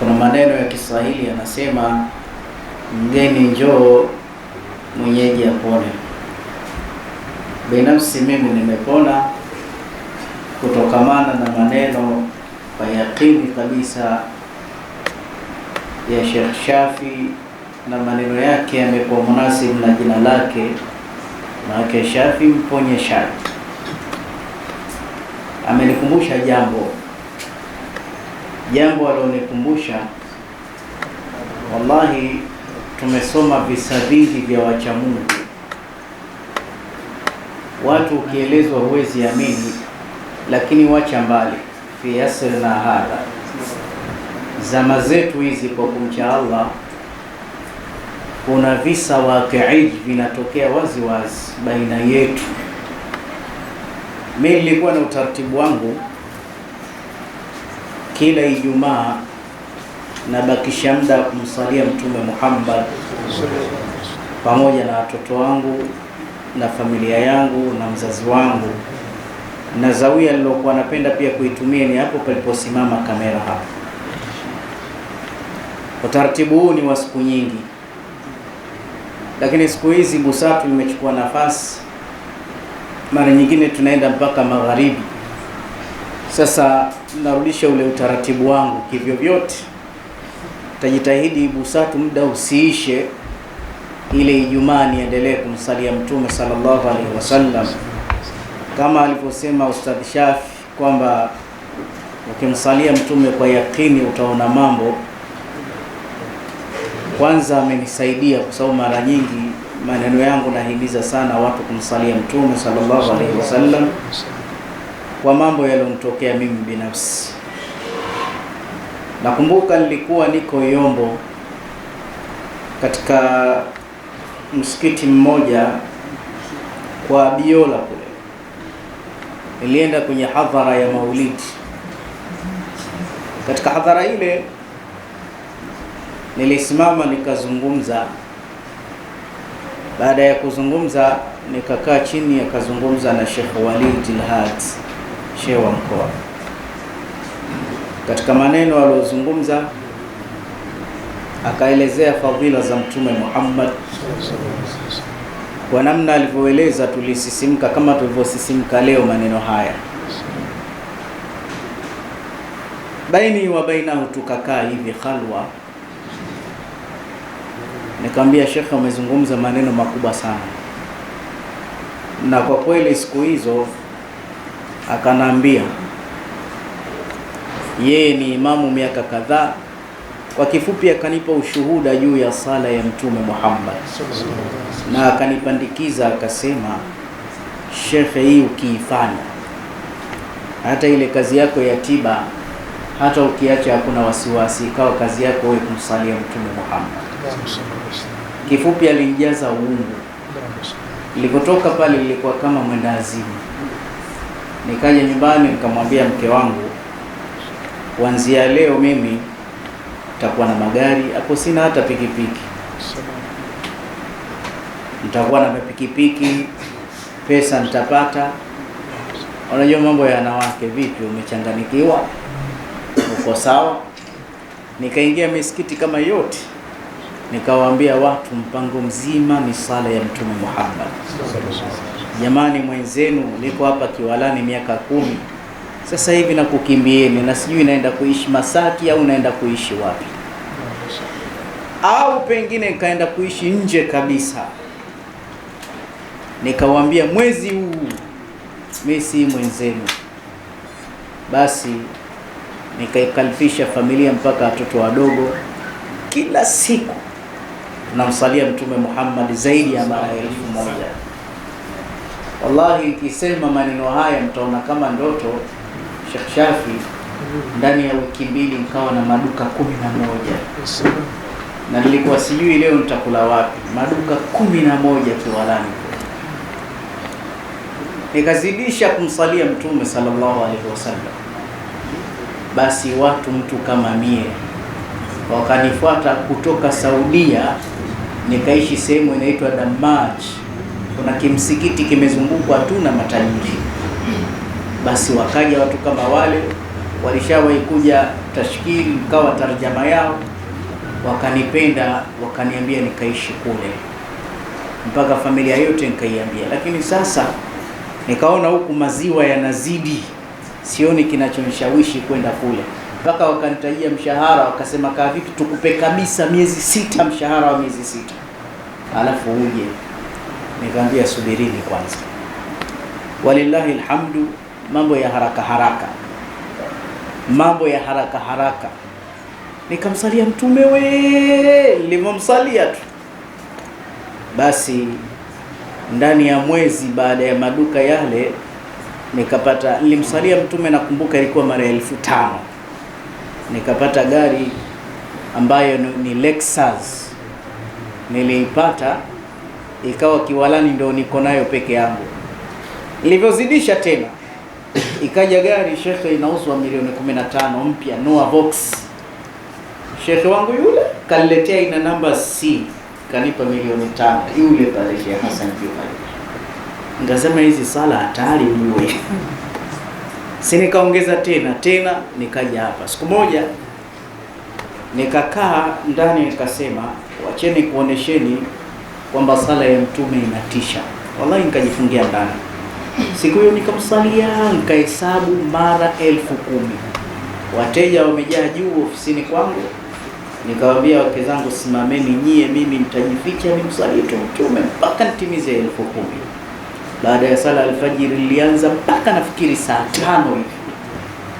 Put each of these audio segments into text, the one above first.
Kuna maneno ya Kiswahili yanasema, mgeni njoo mwenyeji apone. Binafsi mimi nimepona kutokamana na maneno kwa yakini kabisa ya Sheikh Shafi, na maneno yake yamekuwa munasibu na jina lake maake Shafi mponye Shafi. Amenikumbusha jambo jambo alionikumbusha, wallahi, tumesoma visa vingi vya wacha Mungu, watu ukielezwa huwezi amini, lakini wacha mbali fi na hadha, zama zetu hizi, kwa kumcha Allah kuna visa wakii vinatokea wazi wazi baina yetu. Mimi nilikuwa na utaratibu wangu kila Ijumaa nabakisha muda wa kumsalia Mtume Muhammad pamoja na watoto wangu na familia yangu na mzazi wangu, na zawia nilokuwa napenda pia kuitumia ni hapo paliposimama kamera hapo Utaratibu huu ni wa siku nyingi, lakini siku hizi Busatu imechukua nafasi, mara nyingine tunaenda mpaka magharibi. Sasa narudisha ule utaratibu wangu kivyovyote, tajitahidi busatu muda usiishe, ile Ijumaa niendelee kumsalia Mtume sallallahu alaihi wasallam, kama alivyosema Ustadh Shafi kwamba ukimsalia Mtume kwa yakini utaona mambo. Kwanza amenisaidia kwa sababu mara nyingi maneno yangu nahimiza sana watu kumsalia Mtume sallallahu alaihi wasallam kwa mambo yaliyonitokea mimi binafsi. Nakumbuka nilikuwa niko Yombo katika msikiti mmoja kwa Biola kule, nilienda kwenye hadhara ya maulidi. Katika hadhara ile nilisimama nikazungumza. Baada ya kuzungumza, nikakaa chini, akazungumza na Sheikh Walid Al-Hadi cheo wa mkoa. Katika maneno aliyozungumza, akaelezea fadhila za Mtume Muhammad kwa namna alivyoeleza, tulisisimka kama tulivyosisimka leo maneno haya. Baini wa bainahu tukakaa hivi khalwa, nikamwambia shekhe, umezungumza maneno makubwa sana, na kwa kweli siku hizo akanambia yeye ni imamu miaka kadhaa. Kwa kifupi, akanipa ushuhuda juu ya sala ya Mtume Muhammad na akanipandikiza akasema, shekhe, hii ukiifanya hata ile kazi yako ya tiba hata ukiacha hakuna wasiwasi, ikawa kazi yako wewe kumsalia Mtume Muhammad. Kifupi, alinijaza uungu. Nilipotoka pale ilikuwa kama azimu. Nikaja nyumbani nikamwambia mke wangu, kuanzia leo mimi nitakuwa na magari hapo, sina hata pikipiki, nitakuwa na pikipiki, pesa nitapata. Unajua mambo ya wanawake, vipi, umechanganikiwa, uko sawa? Nikaingia misikiti kama yote, nikawaambia watu mpango mzima ni sala ya Mtume Muhammad jamani, mwenzenu niko hapa Kiwalani miaka kumi sasa hivi na kukimbieni, na sijui naenda kuishi Masaki au naenda kuishi wapi, au pengine nikaenda kuishi nje kabisa. Nikawambia mwezi huu mi si mwenzenu, basi nikaikalifisha familia mpaka watoto wadogo, kila siku tunamsalia Mtume Muhammad zaidi ya mara elfu moja. Wallahi, ikisema maneno haya mtaona kama ndoto. Sheikh Shafi, ndani ya wiki mbili nikawa na maduka kumi na moja na nilikuwa sijui leo nitakula wapi. Maduka kumi na moja Kiwalani, nikazidisha kumsalia Mtume sallallahu alaihi wasallam. Basi watu mtu kama mie wakanifuata kutoka Saudia, nikaishi sehemu inaitwa Damaj kuna kimsikiti kimezungukwa tu na matajiri. Basi wakaja watu kama wale, walishawahi kuja tashkili, mkawa tarjama yao, wakanipenda wakaniambia nikaishi kule mpaka familia yote nikaiambia. Lakini sasa nikaona huku maziwa yanazidi, sioni kinachonishawishi kwenda kule mpaka wakanitajia mshahara, wakasema kaa vipi, tukupe kabisa miezi sita, mshahara wa miezi sita alafu uje Nikaambia subirini kwanza, walillahi alhamdu. Mambo ya haraka haraka, mambo ya haraka haraka. Nikamsalia mtume we, nilivyomsalia tu basi, ndani ya mwezi baada ya maduka yale nikapata, nilimsalia mtume, nakumbuka ilikuwa mara elfu tano nikapata gari ambayo ni Lexus niliipata ikawa Kiwalani ndio niko nayo peke yangu. Nilivyozidisha tena ikaja gari shekhe, inauzwa milioni 15 mpya, Noah Vox. Shekhe wangu yule kaniletea ina namba C, kanipa milioni tano, yule pale Sheikh Hassan Juma. Nikasema hizi sala hatari mwe si nikaongeza tena tena, nikaja hapa siku moja, nikakaa ndani, nikasema wacheni kuonesheni kwamba sala ya mtume inatisha. Wallahi nikajifungia ndani. Siku hiyo nikamsalia, nikahesabu mara elfu kumi. Wateja wamejaa juu ofisini kwangu, nikawaambia wake zangu, simameni nyie, mimi nitajificha nimsalie tu mtume mpaka nitimize elfu kumi. Baada ya sala alfajiri ilianza mpaka nafikiri saa tano hivi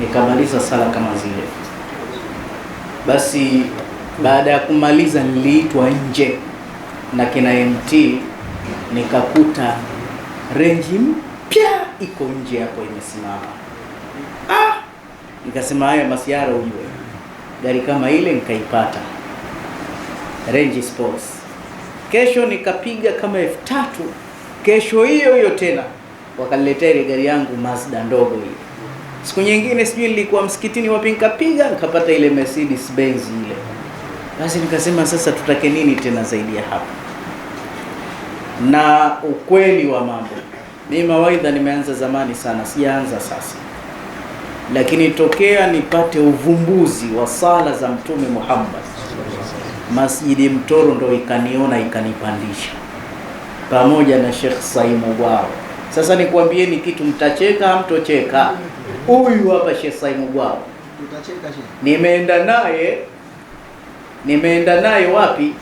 nikamaliza sala kama zile. Basi baada ya kumaliza niliitwa nje na kina MT, nikakuta renji mpya iko nje hapo imesimama. Ah, nikasema haya masiara, ujue gari kama ile nikaipata Range Sports. Kesho nikapiga kama elfu tatu. Kesho hiyo hiyo tena wakaniletea ile gari yangu Mazda ndogo hiyo. Siku nyingine sijui nilikuwa msikitini wapi, nikapiga nikapata ile Mercedes Benz ile. Basi nikasema sasa tutake nini tena zaidi ya hapo? na ukweli wa mambo. Mi mawaidha nimeanza zamani sana, sijaanza sasa, lakini tokea nipate uvumbuzi wa sala za Mtume Muhammad, Masjidi Mtoro ndo ikaniona ikanipandisha, pamoja na Sheikh Saimu Gwao. Sasa ni kitu, mtacheka mtocheka. Huyu hapa Sheikh Saimu Gwao nimeenda naye, nimeenda naye wapi?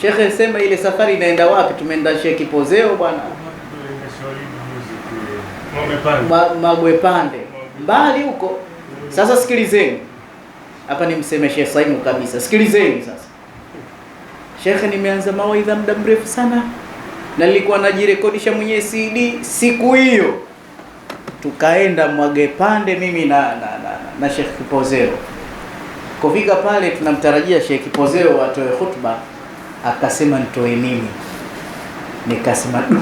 Shekhe, sema ile safari inaenda wapi? Tumeenda shekhi Kipozeo bwana Magwe Pande mbali huko. Sasa sikilizeni hapa, nimseme Sheikh Saimu kabisa, sikilizeni sasa. Shekhe, nimeanza mawaidha muda mrefu sana na nilikuwa najirekodisha mwenyewe CD. Siku hiyo tukaenda Mwagepande mimi na na, na, na Sheikh Kipozeo. Kufika pale tunamtarajia Sheikh Kipozeo atoe khutba akasema nitoe mimi, nikasema du,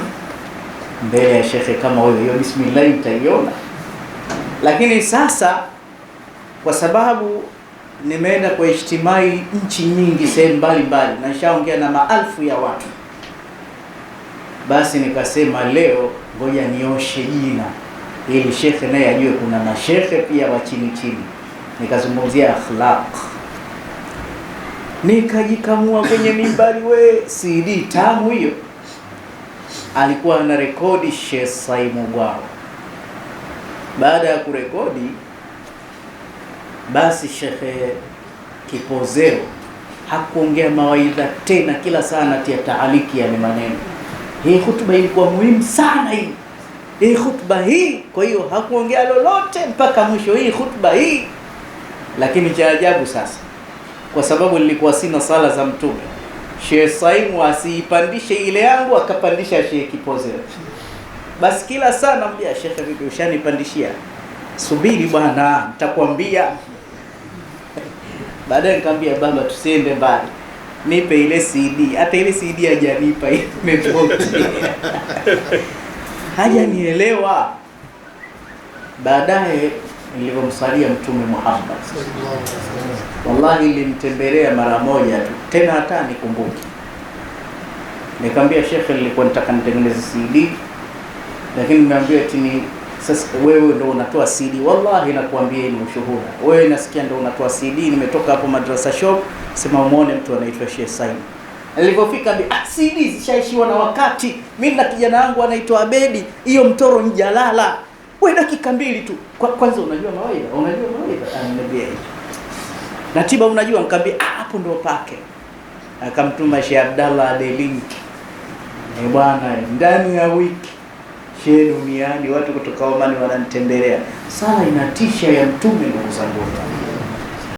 mbele ya shekhe kama huyo hiyo bismillah utaiona. Lakini sasa kwa sababu nimeenda kwa ijtimai nchi nyingi, sehemu mbalimbali, na nishaongea na maalfu ya watu, basi nikasema leo ngoja nioshe jina ili shekhe naye ajue kuna mashekhe pia wa chini chini. Nikazungumzia akhlaq nikajikamua kwenye mimbari we, CD tamu hiyo. Alikuwa anarekodi Sheikh Saimu Gwao. Baada ya kurekodi, basi shehe Kipozeo hakuongea mawaidha tena, kila saa anatia taaliki, yani maneno. Hii hutuba ilikuwa muhimu sana hii hii hutuba hii. Kwa hiyo hakuongea lolote mpaka mwisho hii hutuba hii, lakini cha ajabu sasa kwa sababu nilikuwa sina sala za Mtume. Sheikh Saimu asiipandishe ile yangu, akapandisha Sheikh Kipoze. Basi kila saa namwambia Sheikh, vipi ushanipandishia? Subiri bwana, nitakwambia baadaye. Nikamwambia baba, tusiende mbali, nipe ile CD. Hata ile CD hajanipa, imepotea hajanielewa. Baadaye nilivyomsalia Mtume Muhammad. Wallahi nilimtembelea mara moja tu, tena hata nikumbuki. Nikamwambia shekhe, nilikuwa nataka nitengeneze CD, lakini nimeambiwa eti ni sasa wewe ndo unatoa CD. Wallahi nakuambia ni ushuhuda, wewe nasikia ndo unatoa CD. Nimetoka hapo madrasa shop, sema muone mtu anaitwa Sheikh Said. Nilipofika bi ah, CD zishaishiwa na wakati. Mimi na kijana wangu anaitwa Abedi, hiyo mtoro mjalala we dakika mbili tu kwa, kwanza unajua mawaidha, unajua mawaidha ananiambia hivi na tiba unajua, nikamwambia hapo ndo pake. Akamtuma Sheikh Abdallah Adelink e, eh, bwana ndani ya wiki Sheikh duniani watu kutoka Omani wananitembelea, sala inatisha ya Mtume, ndugu zangu.